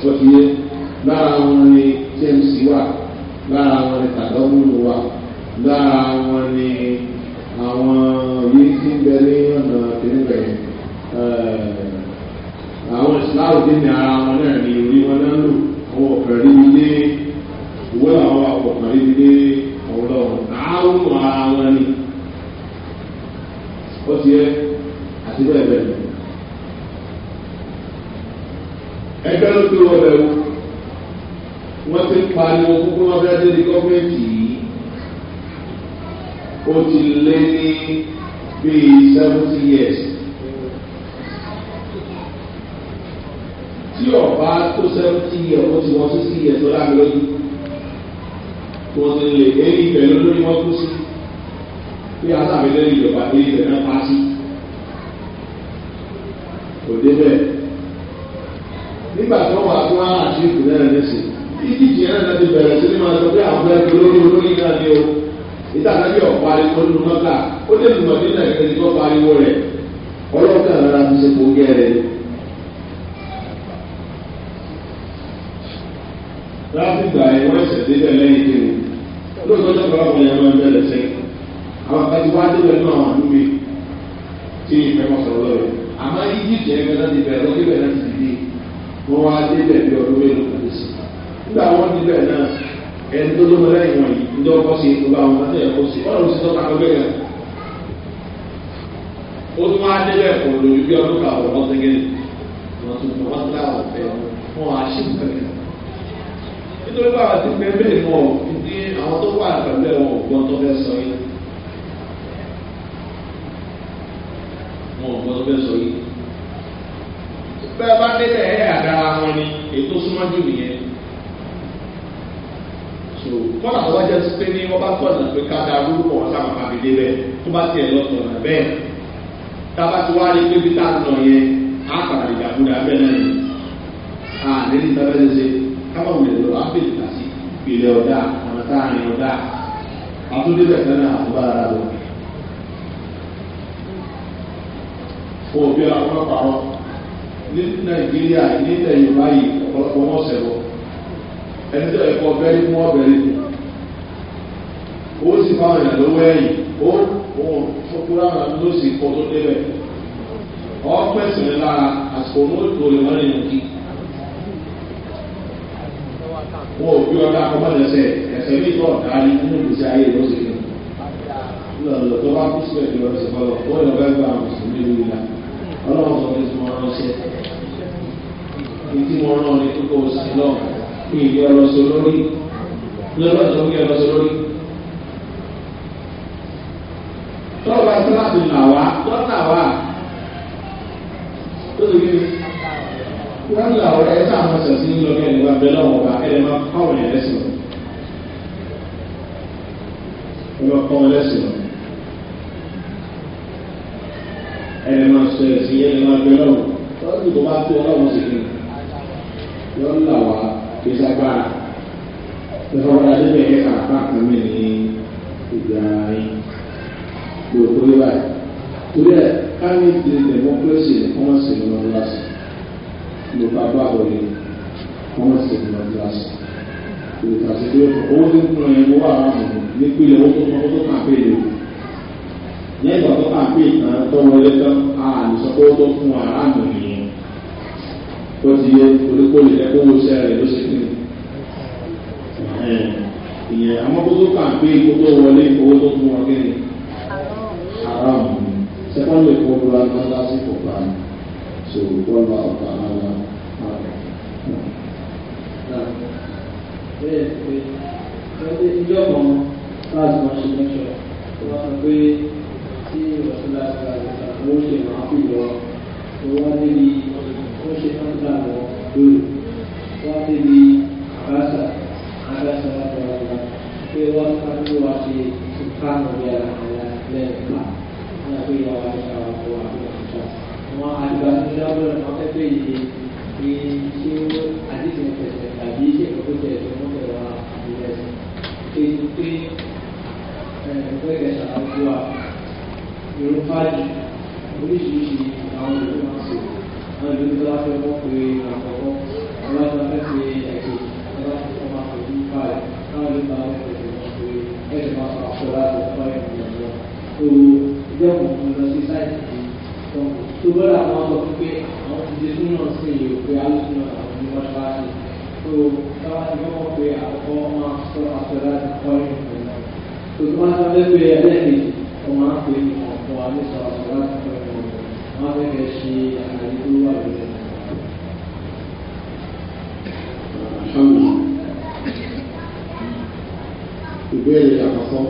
sọ́fìyẹ lára wọn ni james wà lára wọn ni tàdọ́mùnú wà lára wọn ni àwọn yìí ti ń bẹ ní ọ̀nà tẹ̀lé bẹ̀rẹ̀ ìsìláàmù nínú ara wọn náà ní orí wọn náà lò àwọn ọ̀fẹ́ rí mi lé ìwé àwọn ọ̀fẹ́ rí mi ọ̀rọ̀ àárùn ara wọn ni ó ti yẹ àti bẹ́ẹ̀ bẹ́ẹ̀ lọ. ẹgbẹ́ ló tó wọ́n bẹ̀rù wọ́n ti pariwo kókó wọn fẹ́ dé ní gọ́ọ̀mẹ̀ntì yìí ó ti lé ní bíi. yẹ wọ́n ti wọ́n sísí yẹ tó láàmì lójú wọ́n ti lè éli ibẹ̀ lórí wọ́n kú sí bí asáàmì lórí ìjọba éli ibẹ̀ náà pa sí kò débẹ̀ nígbà tó wà tó wá àti ìkù náà lẹ́sìn ìdíje náà náà ti bẹ̀rẹ̀ sí ní máa sọ pé àwọn ẹgbẹ́ olórí olórí náà ni o ìtàlábí ọ̀pá ariwo nínú mọ́tà ó dé lùmọ̀ nílẹ̀ ìgbẹ́ni tó pariwo rẹ̀ ọlọ́ọ̀tà rárá sí bẹ́ẹ̀ lẹ́yìn kí ni lóòótọ́ tí bàbá wọn yẹn máa ń bẹ̀rẹ̀ sí àwọn àti wá dé bẹ̀rẹ̀ náà wọn lóbi tí ìfẹ́ wọn sọ̀rọ̀ lọ́wọ́ àmọ́ yíyí jẹ́ ẹgbẹ́ láti bẹ̀rẹ̀ lọ́wọ́ bẹ̀rẹ̀ láti dìde wọn wá dé bẹ̀rẹ̀ bí ọdún mélòó kan lè sè nígbà wọn dé bẹ̀rẹ̀ náà ẹni tó ló mẹ́lẹ́ ìwọ̀n yìí ní ọkọ̀ sí ìtura àwọn àti ẹ̀kọ́ sí wọn lọ sí tọ́ka ọgbẹ́ yẹn ó tún wá ọdún kàwọ́ ọ̀sẹ̀ wọn tún wọn tún láwọn fẹ́ nítorí báwa ti pé bẹ́ẹ̀ mọ̀ ní àwọn tó wà pẹ̀lú ẹ̀wọ̀n ògbọ́n tó fẹ́ sọ yìí. wọn ò gbọ́dọ̀ fẹ́ sọ yìí. bẹ́ẹ̀ bá délẹ̀ ẹ̀ àdára wọn ni ètò súnmọ́jú nìyẹn. kọ́nà tó wá jẹ́ sí pé ní wọ́n bá tọ̀nà pé ká da orúkọ wọn sábà máa fi débẹ̀ tó bá tiẹ̀ lọ tọ̀nà bẹ́ẹ̀. tá ti wá rí pé bí táà ń lọ yẹn á padà ìdàkúdà bẹ́ẹ̀ náà ni. àdéhùn sábẹ́ káwọn wulẹ̀ lọ ábẹ́lì kàṣí ìpìlẹ̀ ọ̀dà ọ̀nà táàrin ọ̀dà àtúndé bẹ̀rẹ̀ náà àtúbà ara lọ. òbí ọlọ́pàá rọ ní nàìjíríà nílẹ̀ yorùbá yìí ọ̀pọ̀lọpọ̀ wọn sẹ̀wọ̀ ẹni tó ẹ̀kọ́ bẹ́ẹ̀ mú ọ̀bẹ̀rẹ̀ ó sì fáwọn èèyàn lówó ẹ̀yìn ó fúnra ló sì kọ́ tó débẹ̀ ọ̀pẹ̀sìn lára àsìkò mọ́tò lè wọ́n rìn kí wọ́n ò gbé ọ̀dà akọ́mọ́lẹ́sẹ̀ ẹ̀sẹ̀ bí ìtọ́ ọ̀dà ni nínú ìgbésí ayé ló ṣe kí lọ́dọ̀ tó bá kú sílẹ̀ jù lọ́sẹ̀ bọ́lọ̀ wọ́n yọ bẹ́ẹ̀ gba mùsùlùmí lórí la ọlọ́run sọ pé tí wọ́n ránṣẹ́ ní tí wọ́n rán ní kókó sí lọ́ọ̀ ní wọ́n là ọ̀rẹ́ ẹ̀ sáà máa sẹ̀sí ń lọ bí ẹni wá bẹ́ẹ̀ lọ́wọ́ ọba ẹ̀ lè máa kọ́ ọ̀rẹ́ ẹ̀ lẹ́sìn lọ. ẹ máa kọ́ ọ̀rẹ́ lẹ́sìn lọ. ẹ lè máa sọ ẹ̀sì ẹ lè máa bẹ́ẹ̀ lọ́wọ́ lọ́dún tó bá tó ọlọ́run le barbadori wọn sì ní ọjọ́ àṣà ìrètà sí pé owó tó ń pọn ẹ̀mú wà láàmú nípínlẹ̀ owó tó pọn tó kàn pé lè ní ẹ̀gbọ́n tó kàn pé ìtàn tó wọlé tán àlùsọ owó tó fún wa láàmú nìyẹn tó ti yẹ oníkólè ẹ̀kọ́ owó sẹ́ rẹ̀ ló ṣe kí ìyẹn àmọ́ tó tó kàn pé ìkó tó wọlé owó tó fún wa kí ni àrà ọ̀hún sẹ́kọ́ndì kó lọ́la lọ́la sí kò bá mi. So wallahu ta'ala ààrẹ. Bẹ́ẹ̀ ni pé ìjọ kan láti máa ṣe mẹ́ṣọ̀ tó wá sọ pé tí ìrọ̀sí láti ra ìgbà ló ṣe máa fi lọ tó wá débi ó ṣe máa ń dà lọ lórí àwọn àgbà tó dáwọ́ rẹ̀ yìí ní ṣé ó àdéhùn ẹ̀sẹ̀ tàbí ṣe ìkọ́kọ́ tẹ̀ ẹ̀sẹ̀ wọ́n fẹ́ wá àbúrò pé pé ẹ̀ẹ́dẹ́gbẹ́ ìrẹsà àbúrò ìrún fáàlì oríṣiríṣi àwọn ìlú máa ń àwọn ìlú tó bá wọ́n pé àkọ́kọ́ àwọn ìlú fẹ́ pé ẹ̀kọ́ àwọn ìlú máa fẹ́ bí fáàlì àwọn ìlú máa fẹ́ pé ẹ̀kọ́ máa fẹ́ àkọ́ láti fáàlì ìjọba tó ìjọba òun lọ sí sáìtì tó ń bọ̀ tó lọ́rọ̀ àwọn sọ pé àwọn ti dé sínú sí ìwé alùpùpù àwọn ní mọ́ṣáláṣí tó táwa ti gbọ́ pé àkọ́kọ́ máa sọ àpẹẹrẹ láti kọ́ ní ìpè náà tó tó máa sábẹ́ pé ẹlẹ́ẹ̀kejì wọ́n máa ń pè ní ọ̀pọ̀ àdéṣọ àpẹẹrẹ láti kọ́ ní ìpè náà wọ́n á fẹ́ ìbéèrè àkọ́kọ́.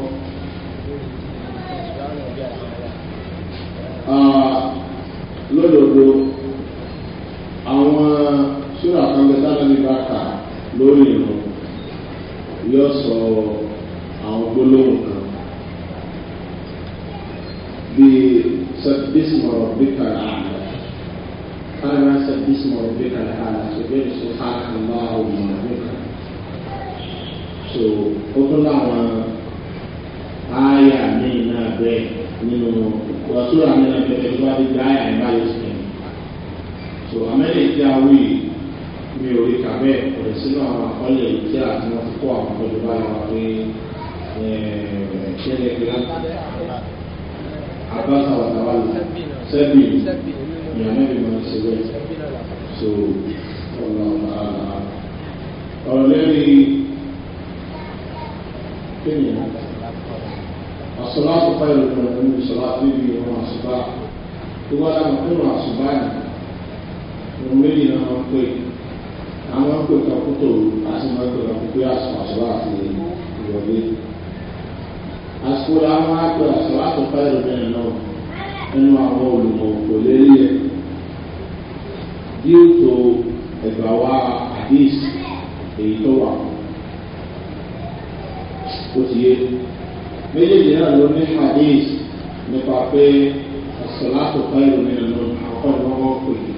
sọ̀rọ̀ níbi ìrọ̀rùn àṣùbá tó bá dáhùn fún ìrọ̀rùn àṣùbá yìí òun méjì náà máa ń pè àwọn ń pè kakú tòru àti máa ń pè kakú pé àṣùbá àṣùbá àti ìrọ̀lẹ́ àṣùkò làwọn á pè àṣùbá àtọ̀pá ìrọ̀lẹ́ náà nínú àwọn olùmọ̀ kò lérí ẹ̀ yóò tó ẹ̀gbà wa àdéhìs èyí tó wà ó ti yé méjèèjì náà ló ní àdéhìs nípa pé ọ̀sọ̀lá tó bá ìròyìn ẹ̀rọ àkọ́kọ́ ni wọ́n pè é.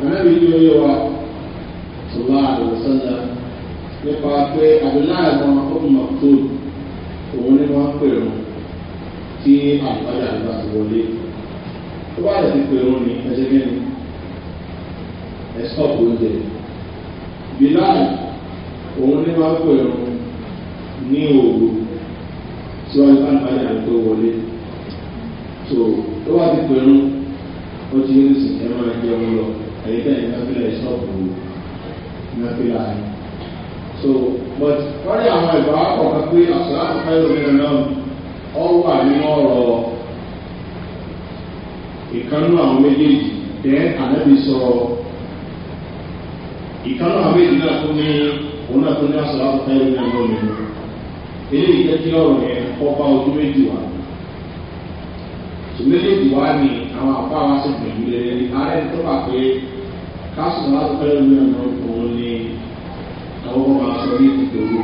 Ànábi ní oyè wa sọlá àdìsọ́lá nípa pé àdìláàgbọ́n ọmọ tó òun ni wọ́n pè wọn tí àgbàdo àgbà ti wọlé. Tó bá yẹ ti wọn ní ẹsẹ̀ kẹ́ni ẹ̀ sọ́ọ̀pù oúnjẹ. òun ni wọ́n pè wọn ní òru tí wọ́n bá ń parí àti tó wọlé tó tó wá ti pẹ̀lú ó ti ní sùn ẹ máa jẹ wọn lọ àyíká yìí náfìlà ìṣọ́ọ̀bù náfìlà yìí so but wọ́n ní àwọn ìgbà àkọ́kọ́ pé àṣà àkọ́kọ́ ìròyìn náà ọ wà nínú ọ̀rọ̀ ìkànnú àwọn méjèèjì tẹ́ ànábì sọ ìkànnú àwọn méjèèjì náà tó ní òun náà tó ní àṣà àkọ́kọ́ ìròyìn náà lọ́mọ eléyìí jẹ́ kí ọ̀rọ̀ yẹn kọ́kọ́ ojú méjì wá. ṣùgbọ́n méjì wá ní àwọn àpá wa sì gbìyànjú lẹ́yìn ààrẹ tó bà pé káṣù láti fẹ́ lórí ọ̀nà òun ni àwọn ọmọ máa sọ ní ìdòwò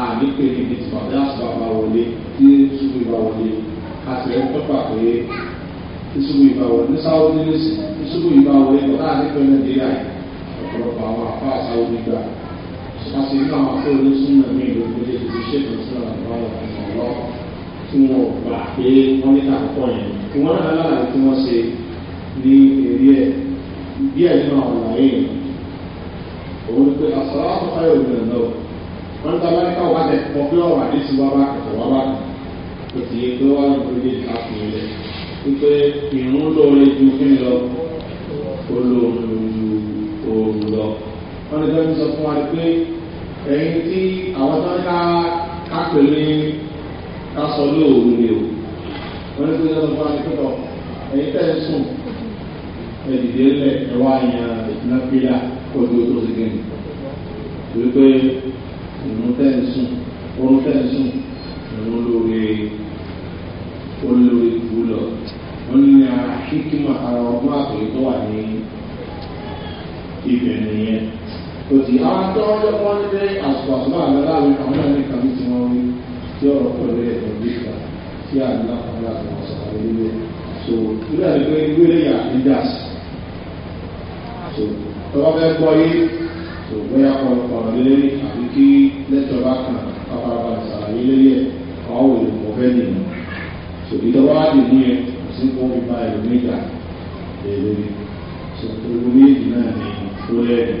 àníkè ní ti tìpàdé àṣùbà bá wọlé tí ṣùgbọ́n ìbá wọlé àti ẹ̀ tó bà pé ṣùgbọ́n ìbá wọlé ní sáwọ́ nílé ṣùgbọ́n ìbá wọlé kọ́ láàrin pẹ̀lú nàìjíríà ọ̀pọ̀lọpọ̀ àwọn àpá láti rí àwọn akó oníṣúná ní ìlú kúlé ìlú ṣètò sílẹ̀ lọ́wọ́ ọ̀rọ̀ tí wọn ò gbà pé wọ́n ní àkọ́kọ́ yẹn. ìwọ́n náà lára tí wọ́n ṣe ní èrè ẹ̀ bí ẹ̀ nínú àwọn àlàyé yẹn. òun ni pé àsọ̀rọ̀ àkọ́kọ́ yóò gbìyànjú náà. wọ́n ń tọ́lá nípa wà tẹ̀ kọ́ pé ọ̀rọ̀ àdé ti wá bá kẹ̀kọ́ wá bá kò sì yẹ pé wọ́n á gbé káfíńlẹ̀ wípé ìrún lóore ju kí ni lọ olóòrùn lọ wọ́n lè jọ́jú sọ fún wa pé ẹ̀yin tí àwọn tó ń ká kápẹ́lẹ́ ká sọ lóòrùn ni o wọ́n lè jọ́jú sọ fún wa pé tọ̀ ẹ̀yin tẹ̀ ń sùn ẹ̀dìdì ẹlẹ̀ ẹ̀wá yẹn ìnáfíà kọjú tó ti gẹ̀ẹ́nì wípé ìrún tẹ̀ ń sùn oorun tẹ̀ ń sùn ìrún lórí olórí ìlú wọ́n ní ara hikima ọgbọ́n àtòyí wà ní ibẹ̀ nìyẹn òtì àwọn tó wọ́n jẹ́ wọ́n ní àsùpà àsùpà àgbàláwé àwọn ẹni kàmí tí wọ́n rí tí ọ̀rọ̀ pẹ̀lú ẹ̀dọ̀ gbígbà tí àdúrà kan láti wọ́n sọ̀rọ̀ lórí so nígbà tí pé wílé yà ní gas so tọ́wọ́ fẹ́ gbọ́ yé so bóyá ọ̀rọ̀ lórí àfi kí lẹ́tọ̀ bá kàn pápára sàlàyé lórí ẹ̀ àwọn òòlù kò fẹ́ nìyẹn so ìtọ́wọ́ á dì ní kò sí kó fi bá ẹ̀rọ méjà lè lórí so gbogbo méjì náà ní ó lẹ́yìn.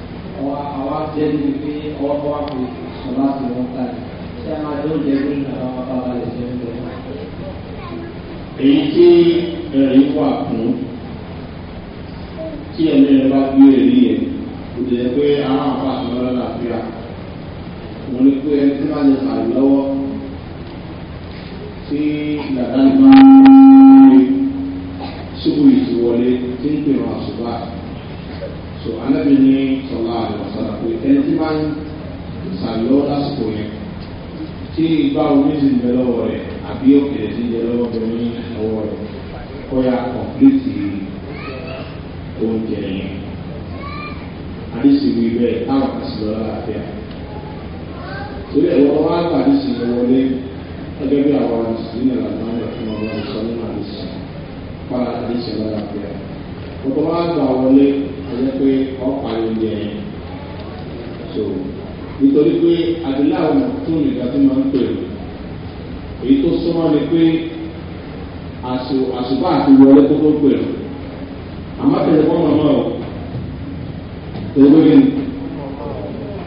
ọwọ́ àwọn jẹ́ ní pé ọwọ́ kọ́ wá pé sọlá ti wọ́n ta ni ṣé a máa yóò jẹ́ pé àwọn bàbá wa lè jẹ́ ní ọ̀la. èyí tí ẹ̀rí wà fún tí ẹ̀mí rẹ̀ bá gbé èrí yẹn kò jẹ́ pé àwọn àpàtì lọ́la làbíà wọ́n ní pé ẹni tí wọ́n lè fà lọ́wọ́ tí dàdá ni máa wọlé ṣubú ìtìwọlé tí ń pè wọ́n àṣùbà so anabi ní sọlá àlùfáà pé ẹtí máa ń sàlọ́ lásìkò yẹn tí ìgbà omi ti ń bẹ lọ́wọ́ rẹ̀ àbí òkèlè ti ń bẹ lọ́wọ́ rẹ̀ ní ọwọ́ rẹ̀ kọ́ya kọ̀pìlìtì oúnjẹ yẹn àdìsíwì bẹ́ẹ̀ táwọn kan sì lọ́la àbíà torí ẹ̀rọ wa gba àdìsíwì wọlé gẹ́gẹ́ bí àwọn àdìsíwì náà làwọn àwọn ẹ̀fọn ọ̀rọ̀ àdìsíwì náà àdìsíwì para àdìsíwì lọ́la wa gba wọlé ọjọ́ pé ọ̀pá lóúnjẹ yẹn so nítorí pé adúláwọ̀ tó nìkan tó máa ń pè é èyí tó súnmọ́ ni pé àṣùbà àti wọlé tó tó pè é àmọ́ tẹ̀lé fọ́n mọ́ ọ́ tẹ̀lé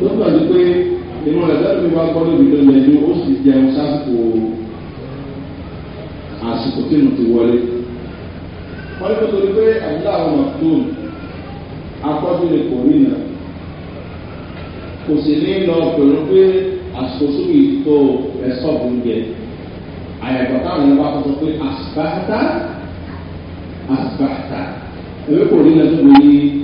tó gbà ní pé inú rẹ̀ lẹ́nu mi wá gbọ́dọ̀ mi lọ́lẹ̀ ní ó sì jẹun sásìkò àsìkò tí mo ti wọlé wọ́n ní kó torí pé adúláwọ̀ tó nìkan akọ́sílẹ̀ kò nínà kò sì ní lọ pẹ̀lú pé àsìkò sórí tó ẹ̀sọ́ oúnjẹ àyàgbọ́ táwọn ẹ̀rọ bá sọ pé àsìkò àtà ewé kò nínà tó gbé ní.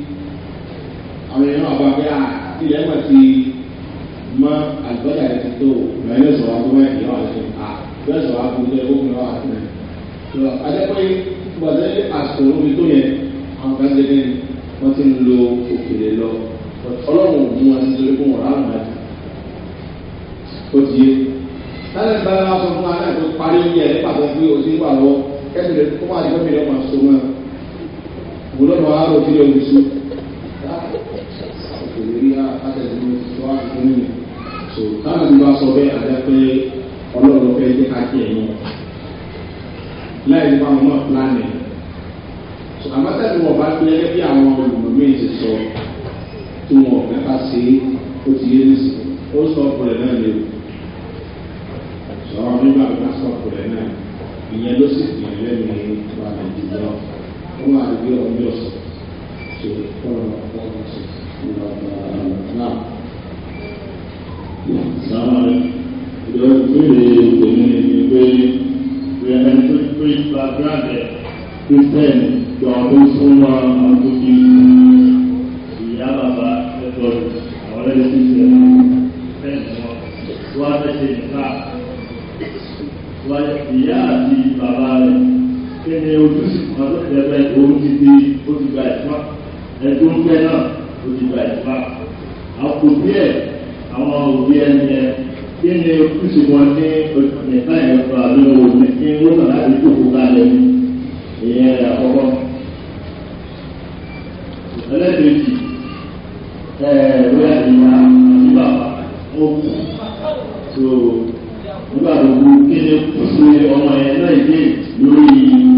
nígbà tó kú kéde kó sí ọmọ yẹn náà yé lórí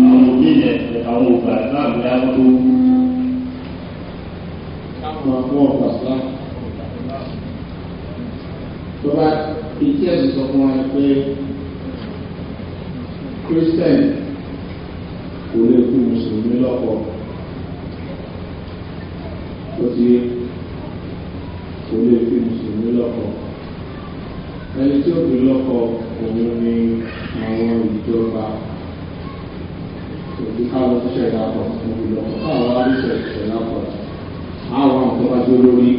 àwọn òbí yẹn àwọn ògbà náà bí a tó. káwọn àwọn ọ̀gbà sílá tó bá etí ẹ̀sìn sọ fún wa pé christian kò lè kú mùsùlùmí lọ́pọ̀ ó ti kò lè kú mùsùlùmí lọ́pọ̀ tí ó fi lọ́kọ òun ni àwọn ìjọba òbí káwọn ṣiṣẹ́ ìdápọ̀ òun lọ́kọ káwọn aríṣẹ́ ìṣẹ̀lá pọ̀ àwọn àwọn tó bá dé lórí.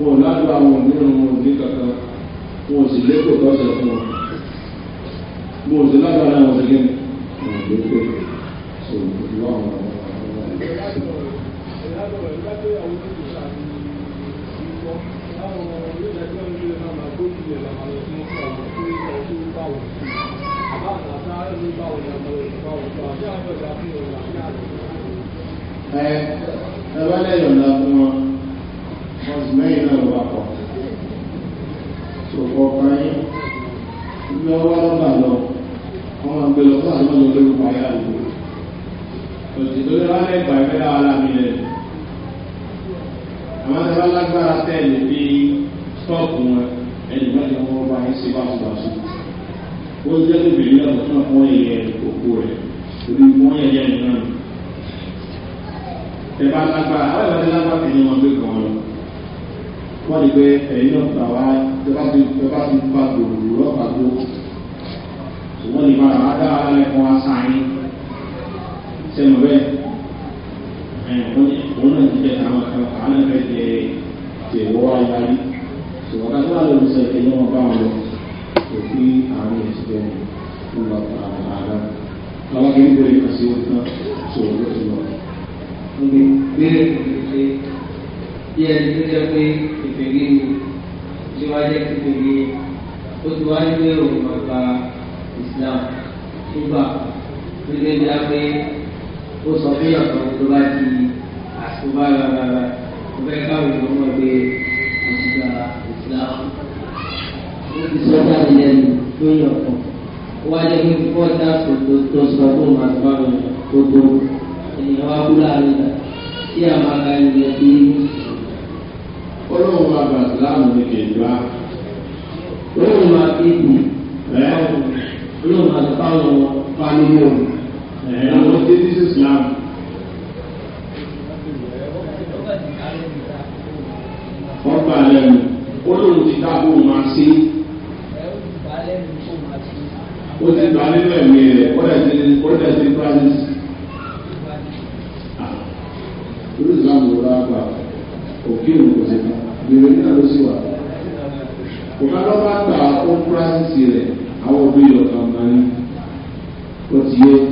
wọn ò ládùúgbò àwọn onírun wọn ò ní kankan wọn ò sì lẹ́kọ̀ọ́ tọ́sẹ̀ fún wọn wọn ò sì lágbára wọn sì gẹ́gẹ́ lẹ́yìn before that transformer man man gbogbo ènìyàn wa kú láàrin náà tí a máa ka ẹnìyẹn fi mú. olóhùn wa bá ìsìláàmù ní kẹjọ á. olóhùn wa ti kù olóhùn wa ti fáwọn fáwọn ọmọ àwọn tí ti sí ìsìláàmù. wọ́n lẹ́nu olóhùn ti dáàbò máa ṣe é ó ti gbà nínú ẹ̀mí rẹ̀ kọ́dà sí kọ́dà sí france. lórí ìsìlámù ló bá gbà òkè òun kò sí ká bèrè nígbà ló sì wà. kò bá lọ́ bá gbà ó france rẹ̀ àwọn òbí ọ̀kan kan ní ó ti yé.